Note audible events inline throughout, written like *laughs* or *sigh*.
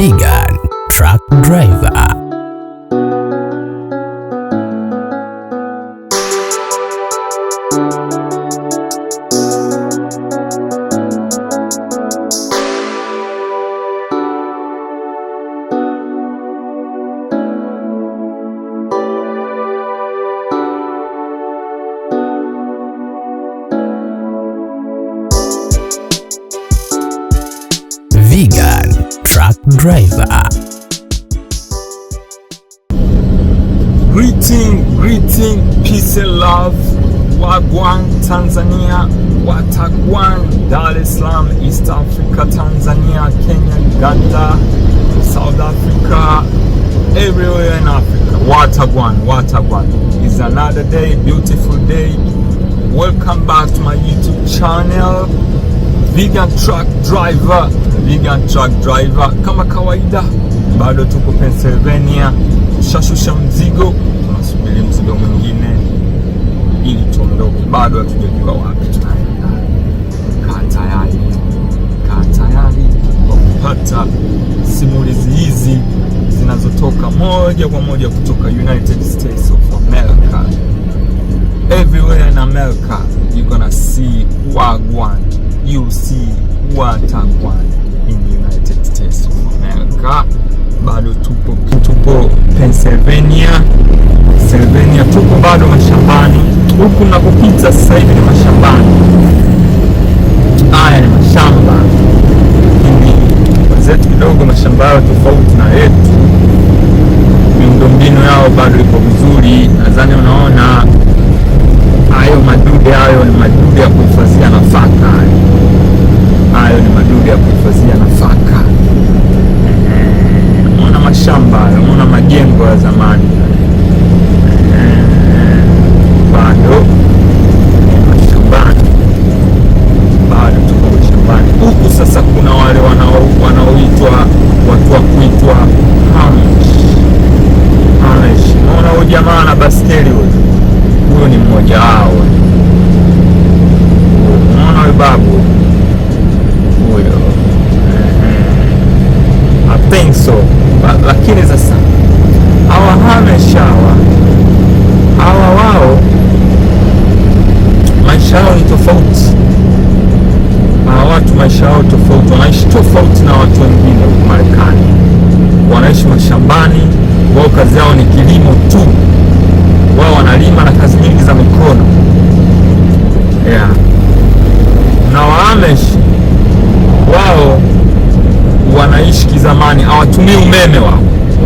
kaibigan, truck driver. Greeting, greeting, peace and love. Wagwan Tanzania, Watagwan, Dar es Salaam, East Africa, Tanzania, Kenya, Uganda, South Africa, everywhere in Africa. Watagwan, Watagwan. It's another day, beautiful day. Welcome back to my YouTube channel. Vegan Truck Driver, Vegan Truck Driver. Kama kawaida, bado tuko Pennsylvania Tushashusha mzigo, tunasubiri mzigo mwingine ili tuondoke. Bado hatujajua wapi tunaenda. tayari, kaa tayari kwa kupata simulizi hizi zinazotoka moja kwa moja kutoka United States of America. Everywhere in America you gonna see wagwan, you see watagwan in United States of America bado tupo, tupo Pennsylvania, Pennsylvania, tupo bado mashambani. Huku nakupita sasa hivi ni mashambani, haya ni mashamba wazetu kidogo mashamba yao tofauti na yetu, miundombinu yao bado iko vizuri. Nadhani unaona hayo madude hayo ni madude ya kuhifadhia nafaka. as a man. umeme wao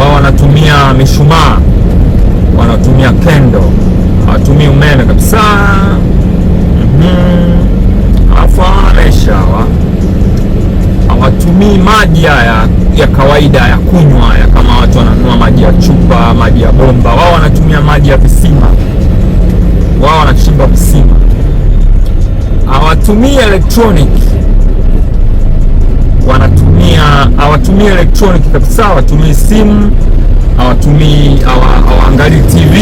wao wanatumia mishumaa, wanatumia kendo, hawatumii umeme kabisa. Mhm. Alafu hawatumii maji haya ya kawaida ya kunywa haya, kama watu wananunua maji ya chupa, maji ya bomba. Wao wanatumia maji ya visima, wao wanachimba visima, hawatumii electronic wanatumia wanatumia ah, hawatumii electronic kabisa, hawatumii simu, hawatumii hawaangalii TV,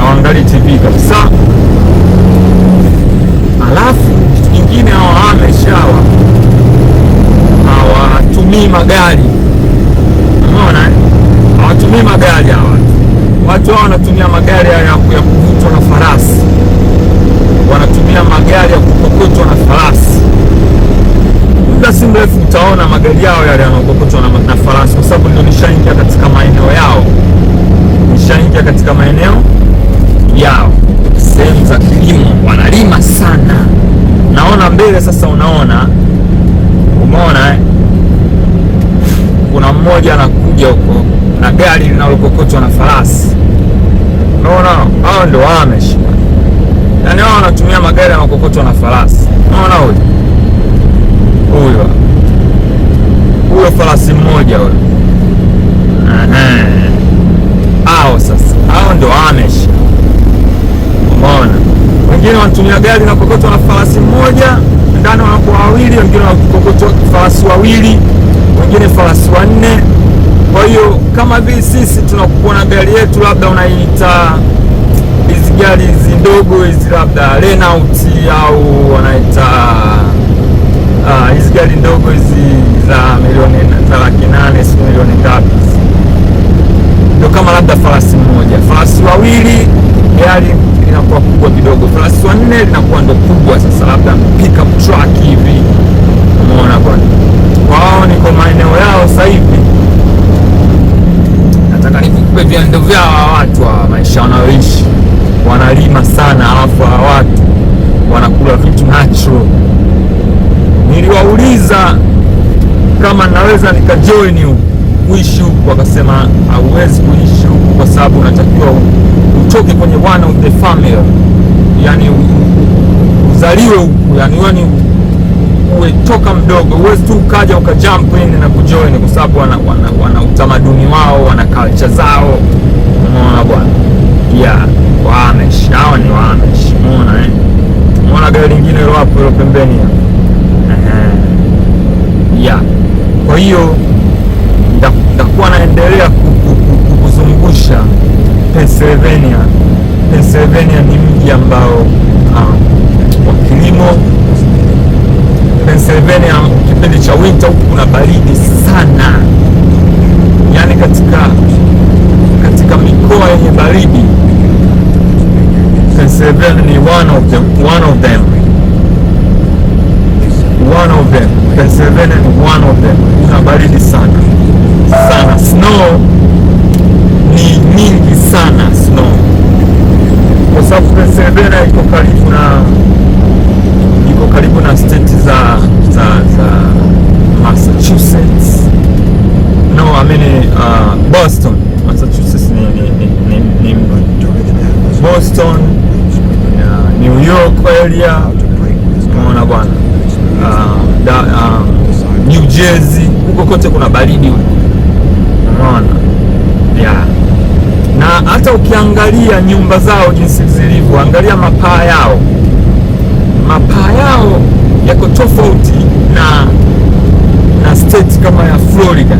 hawaangalii TV kabisa. Alafu kitu kingine hawa hawatumii magari, unaona, hawatumii magari hawa watu hao wanatumia magari ya kuvutwa na farasi, wanatumia magari ya kukokotwa na farasi muda si mrefu utaona magari yao yale yanaokokotwa na, na farasi, kwa sababu ndio nishaingia katika maeneo yao, nishaingia katika maeneo yao, sehemu za kilimo wanalima sana. Naona mbele sasa, unaona umeona eh? Kuna mmoja anakuja huko na gari linalokokotwa na farasi. Unaona hao ndio wameshika, yaani wao wanatumia magari yanakokotwa na farasi. Unaona huyo huyo huyo farasi mmoja huyo. Hao sasa, hao ndio amesha Umeona, wengine wanatumia gari na kokoto na farasi mmoja ndani, wanakuwa wawili, wengine wanakokotwa farasi wawili, wengine farasi wanne. Kwa hiyo kama vile sisi tunakuwa na gari yetu, labda unaita hizi gari hizi ndogo hizi, labda Renault au wanaita Ah, hizi uh, gari ndogo hizi za milioni laki nane si milioni ngapi, ndio kama labda farasi mmoja, farasi wawili, gari linakuwa kubwa kidogo, farasi wanne linakuwa ndo kubwa. Sasa labda pickup truck hivi, umeona bwana. Kwa wao niko maeneo yao sasa hivi, nataka nikupe viando vyao watu wa maisha wanayoishi, wanalima sana, alafu watu wanakula vitu natural Niliwauliza kama naweza nikajoin huku kuishi huku, wakasema hauwezi kuishi huku kwa sababu unatakiwa utoke kwenye one of the family, yani uzaliwe huku, yani wewe ni uwe toka mdogo, uwezi tu ukaja ukajump in na kujoin, kwa sababu wana, wana, wana utamaduni wao, wana culture zao, unaona bwana yeah. Waamish hao ni Waamish, unaona eh, unaona gari lingine hapo pembeni hapo kujaa. Kwa hiyo nitakuwa naendelea kukuzungusha Pennsylvania. Pennsylvania ni mji ambao uh, ah, wa kilimo. Pennsylvania kipindi cha winter huku kuna baridi sana, yaani katika katika mikoa yenye baridi Pennsylvania ni one of them, one of them one of them. Pennsylvania ni one of them. Kuna baridi sana sana, snow ni nyingi sana snow, kwa sababu Pennsylvania iko karibu na iko karibu na state za za za Massachusetts no I mean, uh, Boston Massachusetts ni ni ni, ni ni Boston, uh, New York area, unaona bwana da, um, New Jersey huko kote kuna baridi huko, unaona yeah. Na hata ukiangalia nyumba zao jinsi zilivyo, angalia mapaa yao, mapaa yao yako tofauti na na state kama ya Florida.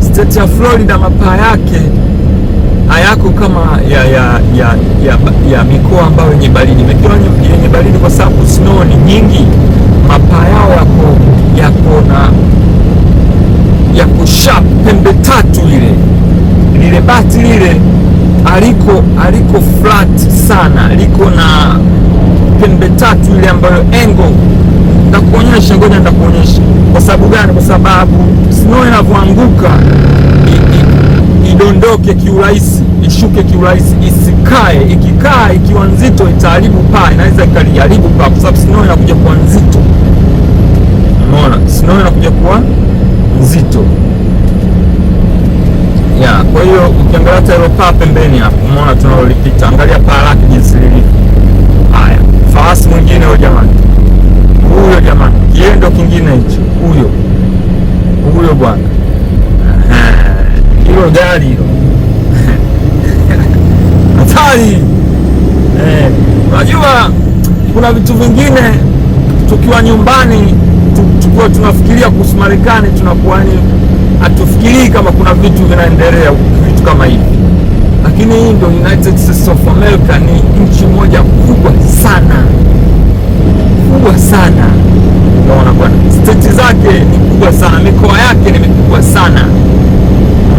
State ya Florida mapaa yake hayako kama ya ya ya, ya, ya mikoa ambayo yenye baridi, mikoa yenye baridi kwa sababu snow ni nyingi mapaa yako na ya kushap pembe tatu, lile lile bati lile aliko aliko flat sana, liko na pembe tatu ile ambayo engo na kuonyesha, ngoja ndakuonyesha. Kwa sababu gani? Kwa sababu snow inavyoanguka idondoke kiurahisi, ishuke kiurahisi, isikae. Ikikaa ikiwa nzito itaharibu paa, inaweza ikaliharibu paa, kwa sababu snow inakuja kwa nzito inakuja kuwa nzito ya. Kwa hiyo ukiangalia hata ile paa pembeni hapo, umeona tunalolipita, angalia paa lake jinsi lilivyo. Haya, farasi mwingine huyo jamani, huyo jamani, kiendo kingine hicho, huyo huyo bwana, hilo gari hilo *laughs* hatari. Eh, unajua kuna vitu vingine tukiwa nyumbani tukiwa tunafikiria kuhusu Marekani tunakuwa ni hatufikirii kama kuna vitu vinaendelea vitu kama hivi, lakini hii ndio United States of America, ni nchi moja kubwa sana kubwa sana unaona bwana, state zake ni kubwa sana, mikoa yake ni mikubwa sana,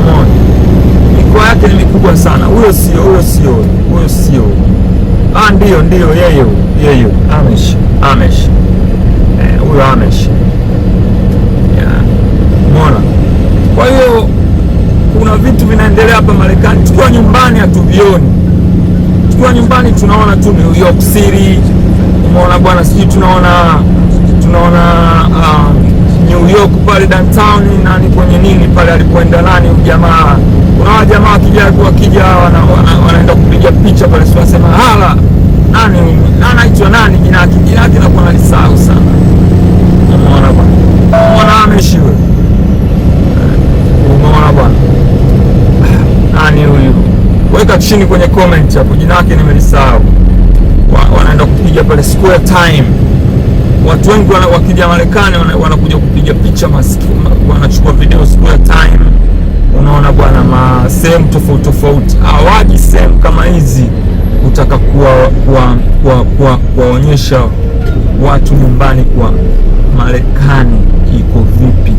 unaona mikoa yake ni mikubwa sana. Huyo sio huyo sio huyo sio, ah, ndio ndio, yeye yeye Amish Amish huyo eh, Amish umeona. Kwa hiyo kuna vitu vinaendelea hapa Marekani, tukiwa nyumbani hatuvioni, tukiwa nyumbani tunaona tu New York City, umeona bwana, sijui tunaona tunaona uh, New York pale downtown, nani kwenye nini pale alipoenda nani jamaa, kuna wa jamaa wakija wakija wanaenda wana, wana kupiga picha pale, si wasema hala nani anaitwa nani, jina yake jina lake nakuwa nalisahau sana, umeona bwana, umeona ameshiwe bwana nani ah, huyu? Weka chini kwenye comment hapo jina lake nimelisahau. Wanaenda kupiga pale square time, watu wengi wakija Marekani wanakuja kupiga picha maski, wanachukua video square time. Unaona bwana, ma sehemu tofauti tofauti, hawaji sehemu kama hizi kutaka kuwaonyesha kuwa, kuwa, kuwa watu nyumbani kwa Marekani iko vipi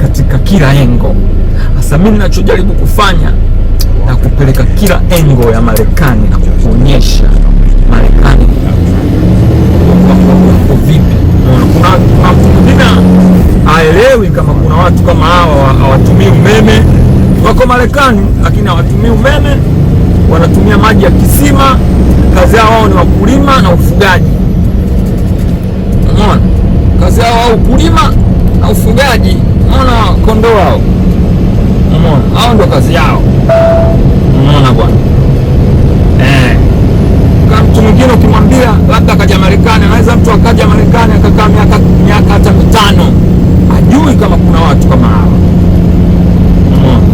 katika kila engo. Sasa mimi ninachojaribu kufanya na kupeleka kila engo ya Marekani na kuonyesha Marekani vipi. Kuna mwingine haelewi kama kuna watu kama hawa hawatumii umeme, wako Marekani lakini hawatumii umeme, wanatumia maji ya kisima. Kazi yao wao ni wakulima na ufugaji. Umeona kazi yao wao, ukulima na ufugaji. Umeona kondoo hao umeona? Hao ndio kazi yao, umeona bwana eh. Mtu mwingine ukimwambia labda akaja Marekani, anaweza mtu akaja Marekani akakaa miaka miaka hata mitano, ajui kama kuna watu kama hawa, umeona?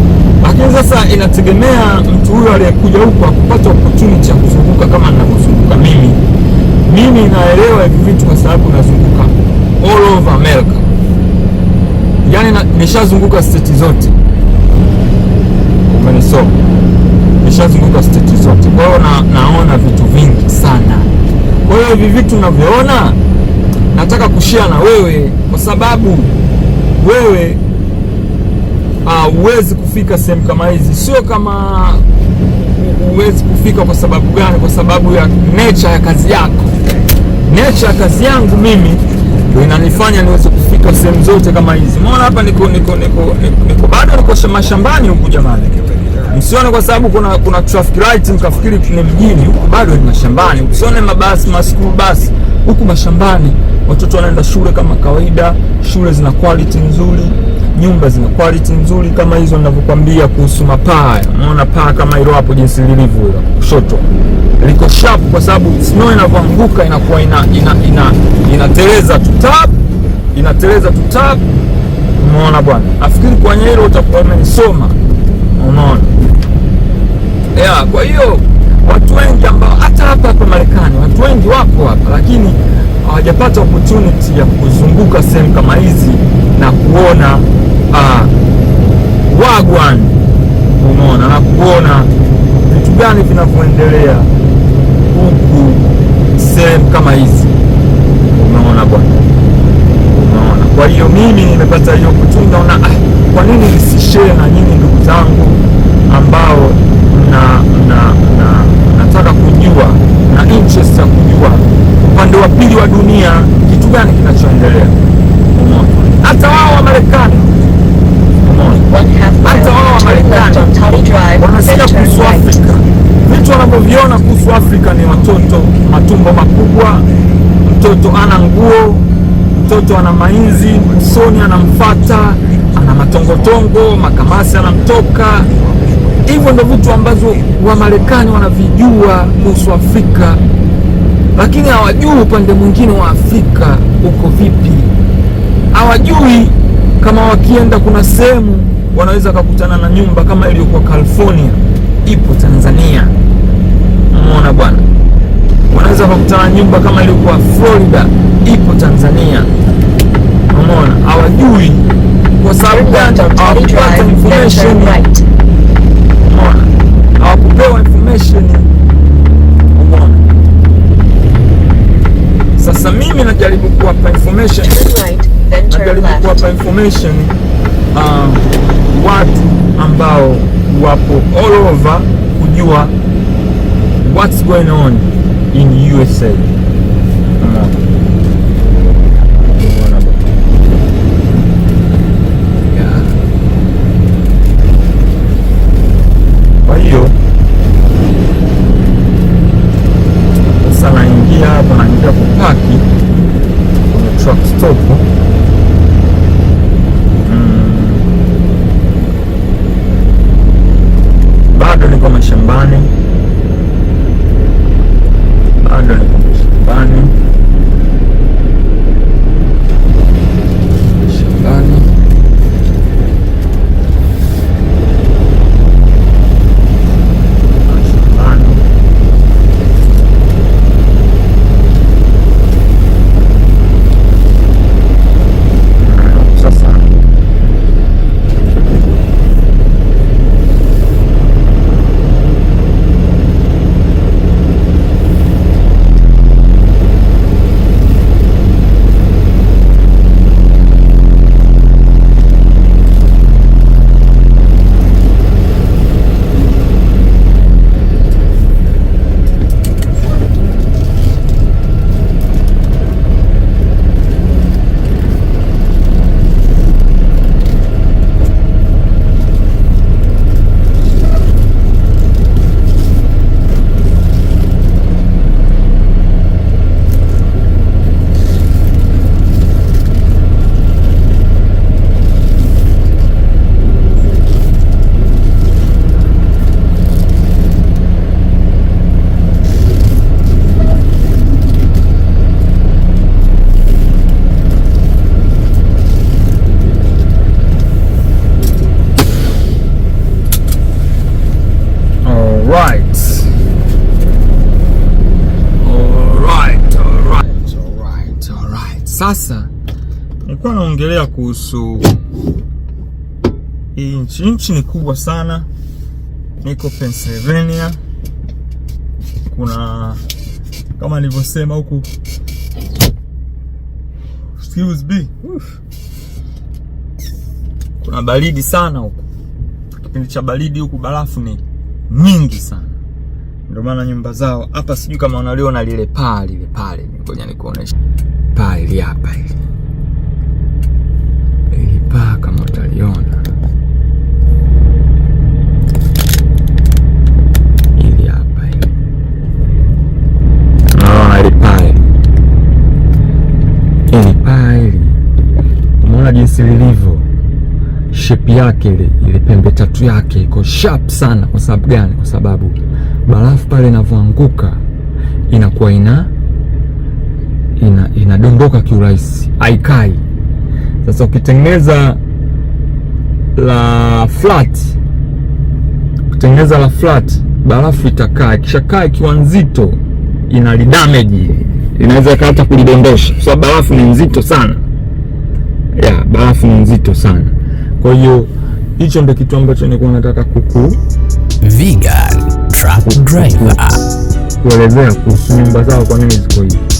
Lakini sasa inategemea mtu huyo aliyekuja huko akupata opportunity ya kuzunguka kama ninavyozunguka mimi. Mimi naelewa hivi vitu kwa sababu nazunguka all over America, yaani nishazunguka state zote kwenye soko, nishazunguka state zote. Kwa hiyo na, naona vitu vingi sana. Kwa hiyo hivi vitu navyoona nataka kushia na wewe, kwa sababu wewe ah, huwezi uh, kufika sehemu kama hizi. Sio kama huwezi kufika kwa sababu gani? Kwa sababu ya nature ya kazi yako. Nature ya kazi yangu mimi inanifanya niweze kufika sehemu zote kama hizi. Umeona hapa niko niko niko niko bado niko mashambani huku jamani. Msione kwa sababu kuna, kuna traffic light mkafikiri ni mjini. Huku bado ni mashambani. Msione mabasi ma school bus, huku mashambani. Watoto wanaenda shule kama kawaida, shule zina quality nzuri, nyumba zina quality nzuri kama hizo ninavyokuambia kuhusu mapaa. Unaona paa kama hilo hapo jinsi lilivyo hilo kushoto liko sharp kwa sababu snow inapoanguka inakuwa ina ina ina inateleza ina tutap inateleza tutap. Umeona bwana, afikiri kwa nyeiro utakuwa umenisoma. Unaona? Yeah, kwa hiyo watu wengi ambao hata hapa hapa Marekani watu wengi wako hapa, lakini hawajapata opportunity ya kuzunguka sehemu kama hizi na kuona uh, wagwan, unaona, na kuona vitu gani vinavyoendelea huku sehemu kama hizi, unaona bwana, unaona. Kwa hiyo mimi nimepata hiyo opportunity, naona ah, kwa nini nisishare na nyinyi ndugu zangu ambao nataka kujua na interest ya kujua upande wa pili wa dunia kitu gani kinachoendelea. Hata wao wa Marekani hata wao wa Marekani wanasikia kuhusu Afrika, vitu wanavyoviona kuhusu Afrika ni watoto matumbo makubwa, mtoto ana nguo, mtoto ana mainzi, msoni anamfata na matongotongo makamasi anamtoka. Hivyo ndo vitu ambazo Wamarekani wanavijua kuhusu Afrika, lakini hawajui upande mwingine wa Afrika uko vipi. Hawajui kama wakienda, kuna sehemu wanaweza wakakutana na nyumba kama iliyokuwa California ipo Tanzania. Umeona bwana, wanaweza wakakutana na nyumba kama iliyokuwa Florida ipo Tanzania. Umeona, hawajui kwa sababu hawakupata hawakupewa information. Umeona? Sasa mimi najaribu kuwapa information, najaribu kuwapa information um, watu ambao wapo all over kujua what's going on in USA. Sasa nilikuwa naongelea kuhusu hii nchi. Nchi ni kubwa sana, niko Pennsylvania. Kuna kama nilivyosema huku, excuse me, kuna baridi sana huku, kipindi cha baridi huku barafu ni nyingi sana. Ndio maana nyumba zao hapa, sijui kama unaliona lile paa lile pale, ngoja nikuoneshe paa ili hapa ili ili paa, kama utaliona ili jinsi lilivyo shape yake ile, ile pembe tatu yake iko sharp sana. Kwa sababu gani? Kwa sababu barafu pale inavyoanguka inakuwa ina inadondoka ina kiurahisi, haikai. Sasa ukitengeneza la flat, ukitengeneza la flat, barafu itakaa. Ikishakaa ikiwa nzito, inalidameji, inaweza hata kulidondosha, kwa sababu barafu ni nzito sana ya barafu ni nzito sana. Kwa hiyo hicho ndio kitu ambacho nilikuwa nataka kuku vegan truck driver kuelezea kuhusu nyumba zao, kwa nini ziko hivi